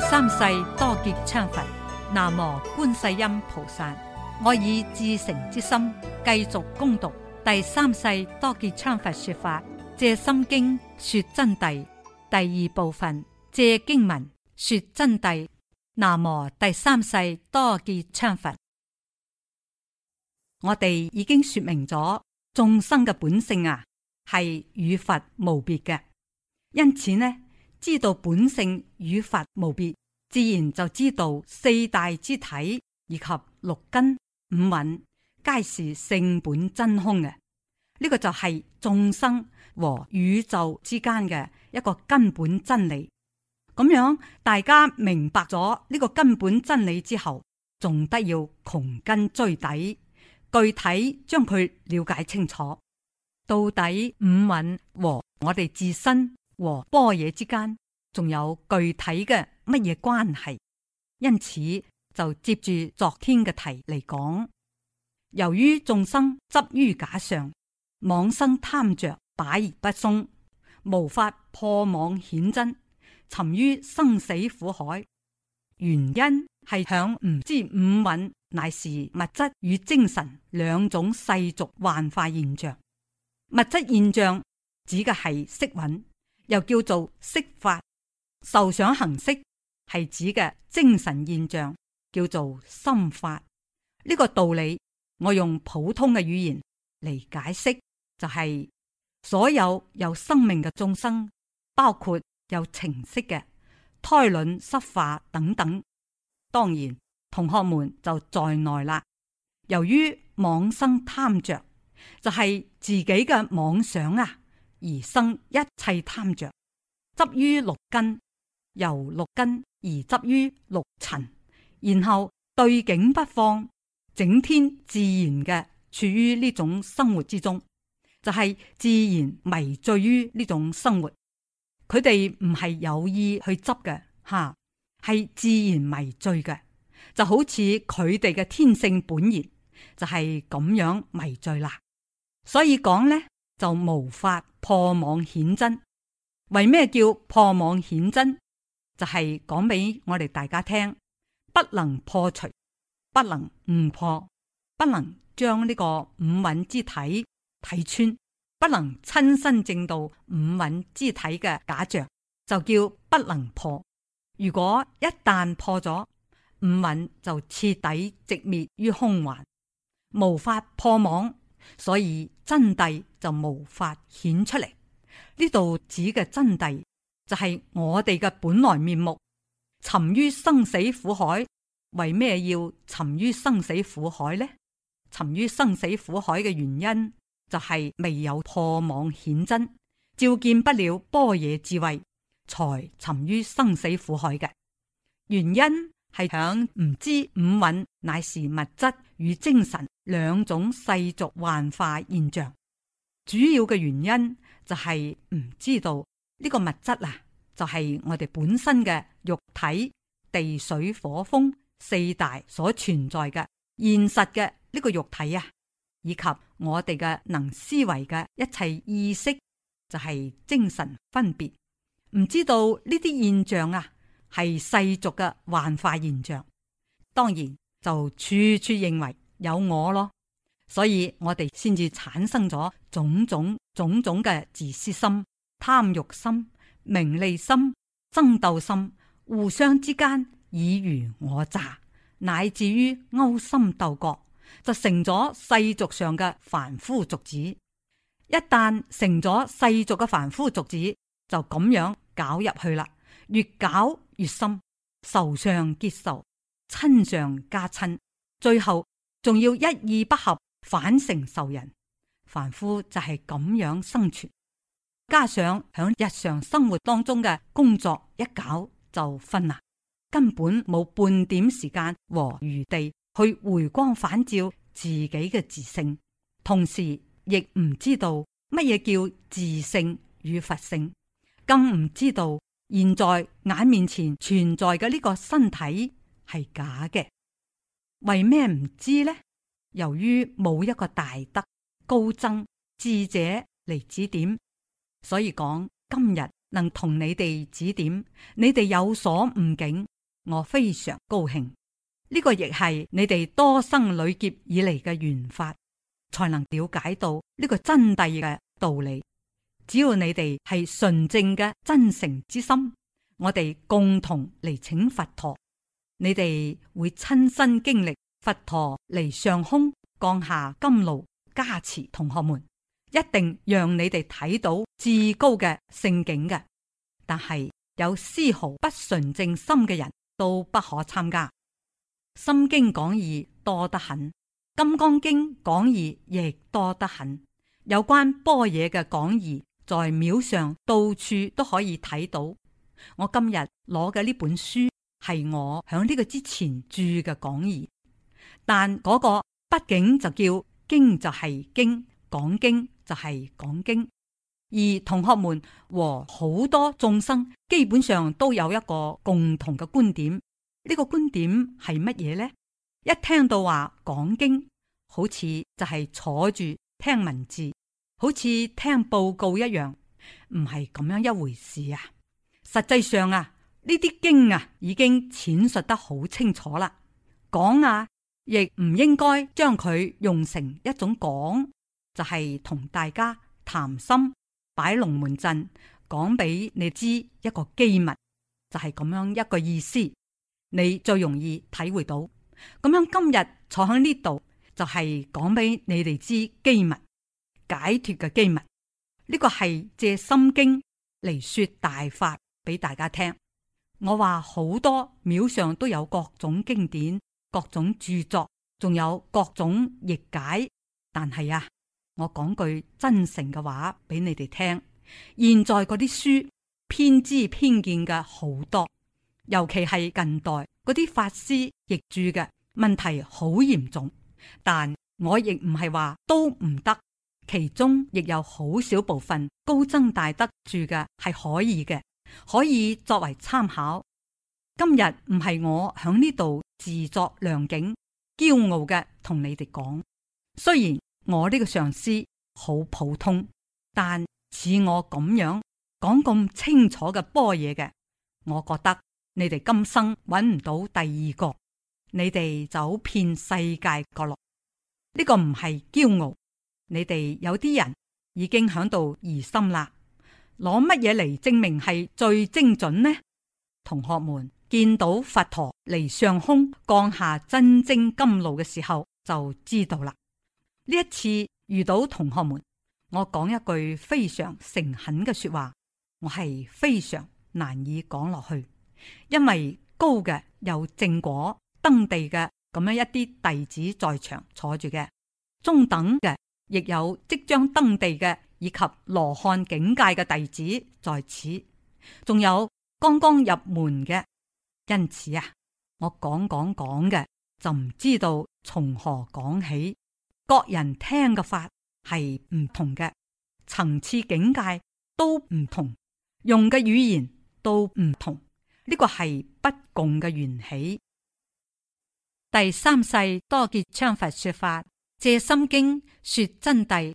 第三世多杰羌佛，南無觀世音菩薩。我以至誠之心繼續恭讀第三世多杰羌佛說法，借心經說真諦第二部分，借經文說真諦。南無第三世多杰羌佛。我哋已經說明咗眾生嘅本性啊，係與佛無別嘅，因此呢，知道本性與法無別，自然就知道四大之體以及六根五蘊皆是性本真空嘅。呢個就係眾生和宇宙之間嘅一個根本真理。咁樣大家明白咗呢個根本真理之後，仲得要窮根追底，具體將佢了解清楚，到底五蘊和我哋自身，和般若之間仲有具體嘅乜嘢關係？因此就接住昨天嘅題嚟講，由於眾生執於假相，妄生貪着擺而不鬆，無法破妄顯真，沉於生死苦海。原因係響唔知五蘊，乃是物質與精神兩種世俗幻化現象。物質現象指嘅係色蘊。又叫做色法，受想行識，係指嘅精神現象，叫做心法。呢、這個道理，我用普通嘅語言嚟解釋，就係、是、所有有生命嘅眾生，包括有情識嘅胎卵濕化等等。當然，同學們就在內啦。由於妄生貪着，就係、是、自己嘅妄想啊。而生一切貪着，執於六根，由六根而執於六塵，然後對境不放，整天自然嘅處於呢種生活之中，就係自然迷醉於呢種生活。佢哋唔係有意去執嘅，吓係自然迷醉嘅，就好似佢哋嘅天性本然就係咁樣迷醉啦。所以講呢。就無法破妄顯真。為咩叫破妄顯真？就係講俾我哋大家聽，不能破除，不能誤破，不能將呢個五蘊之體睇穿，不能親身證到五蘊之體嘅假象，就叫不能破。如果一旦破咗五蘊，就徹底寂滅於空幻，無法破妄，所以。真諦就無法顯出嚟，呢度指嘅真諦就係我哋嘅本來面目，沉於生死苦海。為咩要沉於生死苦海呢？沉於生死苦海嘅原因就係未有破妄顯真，照見不了般若智慧，才沉於生死苦海。嘅原因係響唔知五蘊乃是物質，與精神兩種世俗幻化現象，主要嘅原因就係唔知道呢個物質啊，就係、是、我哋本身嘅肉體、地水火風四大所存在嘅現實嘅呢個肉體啊，以及我哋嘅能思維嘅一切意識，就係精神分別，唔知道呢啲現象啊係世俗嘅幻化現象，當然。就處處認為有我咯，所以我哋先至產生咗種種種種嘅自私心、貪欲心、名利心、爭鬥心，互相之間爾虞我詐，乃至於勾心鬥角，就成咗世俗上嘅凡夫俗子。一旦成咗世俗嘅凡夫俗子，就咁樣搞入去啦，越搞越深，愁上結愁。親上加親，最後仲要一意不合，反成仇人。凡夫就係咁樣生存，加上響日常生活當中嘅工作一搞就分啦、啊，根本冇半點時間和餘地去回光返照自己嘅自性，同時亦唔知道乜嘢叫自性與佛性，更唔知道現在眼面前存在嘅呢個身體。係假嘅，為咩唔知呢？由於冇一個大德高僧智者嚟指點，所以講今日能同你哋指點，你哋有所悟境，我非常高興。呢個亦係你哋多生累劫以嚟嘅緣法，才能了解到呢個真諦嘅道理。只要你哋係純正嘅真誠之心，我哋共同嚟請佛陀。你哋會親身經歷佛陀離上空降下甘露加持，同學們一定讓你哋睇到至高嘅聖境嘅。但係有絲毫不純正心嘅人都不可參加。心經講義多得很，金剛經講義亦多得很。有關般若嘅講義，在廟上到處都可以睇到。我今日攞嘅呢本書，係我響呢個之前注嘅講義，但嗰個畢竟就叫經，就係經，講經就係講經。而同學們和好多眾生基本上都有一個共同嘅觀點，呢個觀點係乜嘢呢？一聽到話講經，好似就係坐住聽文字，好似聽報告一樣，唔係咁樣一回事啊！實際上啊。呢啲經啊，已經闡述得好清楚啦。講啊，亦唔應該將佢用成一種講，就係同大家談心、擺龍門陣，講俾你知一個機密，就係咁樣一個意思。你最容易體會到。咁樣今日坐喺呢度，就係講俾你哋知機密、解脫嘅機密。呢個係借心經嚟說大法俾大家聽。我話好多廟上都有各種經典、各種著作，仲有各種譯解。但係呀，我講句真誠嘅話俾你哋聽，現在嗰啲書偏知偏見嘅好多，尤其係近代嗰啲法師譯著嘅問題好嚴重。但我亦唔係話都唔得，其中亦有好少部分高僧大德住嘅係可以嘅。可以作為參考。今日唔係我響呢度自作良景，驕傲嘅同你哋講。雖然我呢個上司好普通，但似我咁樣講咁清楚嘅般若嘅，我覺得你哋今生揾唔到第二個。你哋走遍世界角落，呢、這個唔係驕傲。你哋有啲人已經響度疑心啦。攞乜嘢嚟證明係最精準呢？同學們見到佛陀嚟上空降下真正甘露嘅時候，就知道啦。呢一次遇到同學們，我講一句非常誠懇嘅說話，我係非常難以講落去，因為高嘅有正果登地嘅咁樣一啲弟子在場坐住嘅，中等嘅亦有即將登地嘅。以及羅漢境界嘅弟子在此，仲有剛剛入門嘅，因此啊，我講講講嘅就唔知道從何講起。各人聽嘅法係唔同嘅，層次境界都唔同，用嘅語言都唔同，呢個係不共嘅緣起。第三世多杰羌佛說法《藉心經》說真諦。